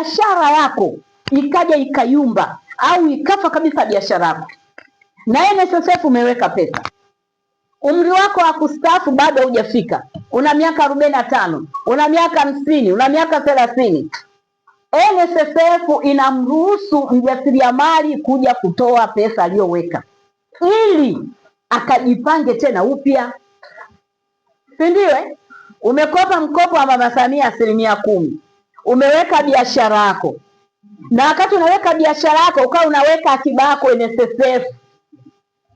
biashara yako ikaja ikayumba au ikafa kabisa biashara yako, na NSSF umeweka pesa, umri wako wa kustaafu bado haujafika, una miaka arobaini na tano, una miaka hamsini, una miaka thelathini, NSSF inamruhusu mjasiriamali kuja kutoa pesa aliyoweka ili akajipange tena upya, si ndio? Eh? Umekopa mkopo wa Mama Samia asilimia kumi umeweka biashara yako, na wakati unaweka biashara yako ukawa unaweka akiba yako NSSF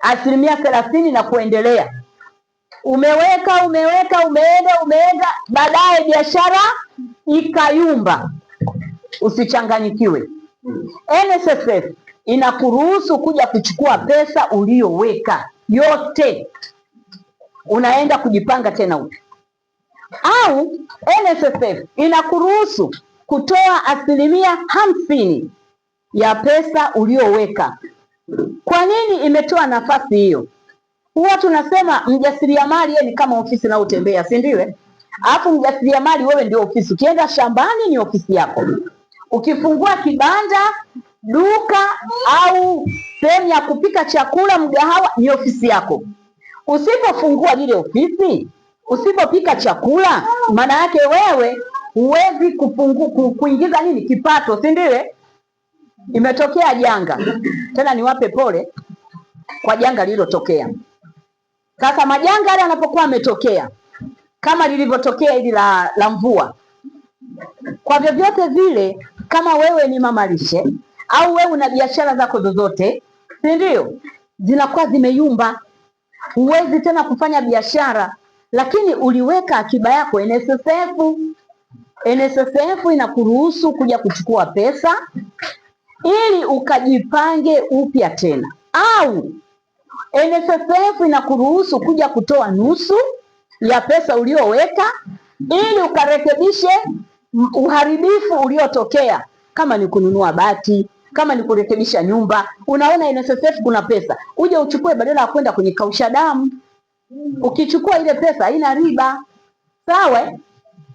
asilimia thelathini na kuendelea, umeweka umeweka umeenda umeenda, baadaye biashara ikayumba, usichanganyikiwe. NSSF inakuruhusu kuja kuchukua pesa uliyoweka yote, unaenda kujipanga tena upya au NSSF inakuruhusu kutoa asilimia hamsini ya pesa ulioweka. Kwa nini imetoa nafasi hiyo? Huwa tunasema mjasiriamali yeye ni kama ofisi inayotembea, si ndio? Alafu mjasiriamali wewe ndio ofisi. Ukienda shambani ni ofisi yako, ukifungua kibanda, duka au sehemu ya kupika chakula, mgahawa, ni ofisi yako. Usipofungua lile ofisi Usipopika chakula, maana yake wewe huwezi kupungu, kuingiza nini kipato, si ndio? Imetokea janga tena, niwape pole kwa janga lililotokea. Sasa majanga yale yanapokuwa yametokea kama lilivyotokea hili la, la mvua, kwa vyovyote vile, kama wewe ni mama lishe au wewe una biashara zako zozote, si ndio, zinakuwa zimeyumba, huwezi tena kufanya biashara lakini uliweka akiba yako NSSF. NSSF inakuruhusu kuja kuchukua pesa ili ukajipange upya tena, au NSSF inakuruhusu kuja kutoa nusu ya pesa ulioweka ili ukarekebishe uharibifu uliotokea, kama ni kununua bati, kama ni kurekebisha nyumba. Unaona, NSSF kuna pesa uje uchukue, badala ya kwenda kwenye kausha damu. Ukichukua ile pesa haina riba, sawa,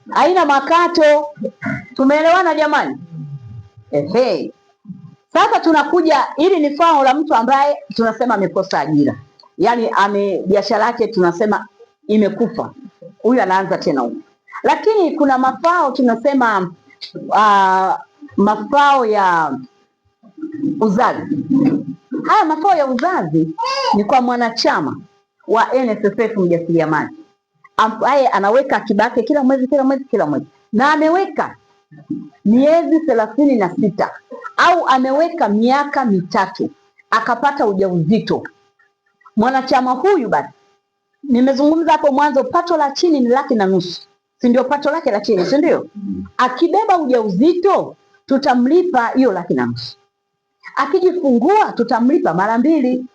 haina makato. Tumeelewana jamani? Ehe, sasa tunakuja, hili ni fao la mtu ambaye tunasema amekosa ajira, yaani ame biashara yake tunasema imekufa, huyu anaanza tena huyu. Lakini kuna mafao tunasema uh, mafao ya uzazi. Haya mafao ya uzazi ni kwa mwanachama wa NSSF mjasiriamali ambaye anaweka akiba yake kila mwezi kila mwezi kila mwezi, na ameweka miezi thelathini na sita au ameweka miaka mitatu akapata ujauzito, mwanachama huyu basi, nimezungumza hapo mwanzo, pato la chini ni laki na nusu, si ndio? Pato lake la chini, si ndio? Akibeba ujauzito tutamlipa hiyo laki na nusu, akijifungua tutamlipa mara mbili.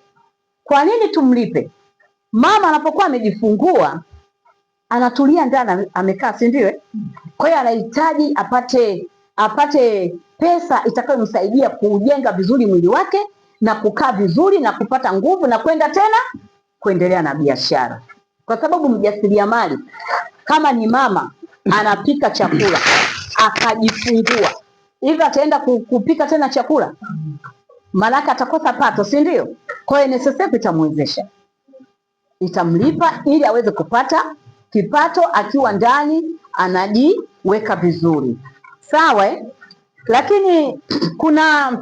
Kwa nini tumlipe? Mama anapokuwa amejifungua anatulia ndani, amekaa si ndio? Eh? Kwa hiyo anahitaji apate apate pesa itakayomsaidia kuujenga vizuri mwili wake na kukaa vizuri na kupata nguvu na kwenda tena kuendelea na biashara, kwa sababu mjasiriamali kama ni mama anapika chakula akajifungua hivi, ataenda kupika tena chakula? Maanake atakosa pato, si ndio? Kwa hiyo NSSF itamwezesha itamlipa ili aweze kupata kipato akiwa ndani anajiweka vizuri, sawa. Eh? Lakini kuna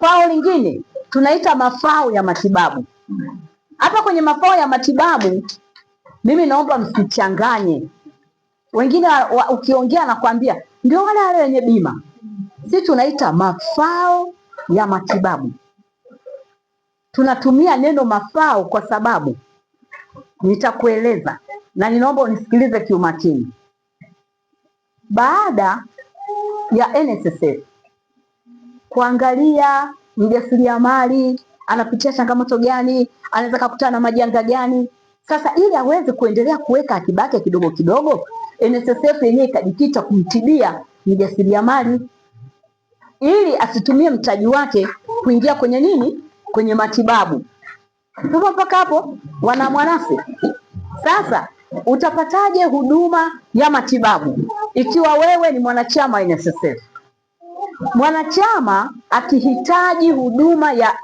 fao lingine tunaita mafao ya matibabu. Hapa kwenye mafao ya matibabu, mimi naomba msichanganye. Wengine wa, ukiongea nakwambia ndio wale wale wenye bima, si tunaita mafao ya matibabu. Tunatumia neno mafao kwa sababu nitakueleza na ninaomba unisikilize kiumakini. Baada ya NSSF kuangalia mjasiriamali anapitia changamoto gani, anaweza kukutana na majanga gani, sasa ili aweze kuendelea kuweka akiba yake kidogo kidogo, NSSF yenyewe ikajikita kumtibia mjasiriamali ili asitumie mtaji wake kuingia kwenye nini, kwenye matibabu. Tupo mpaka hapo, wana Mwanasi? Sasa utapataje huduma ya matibabu ikiwa wewe ni mwanachama NSSF? Mwanachama akihitaji huduma ya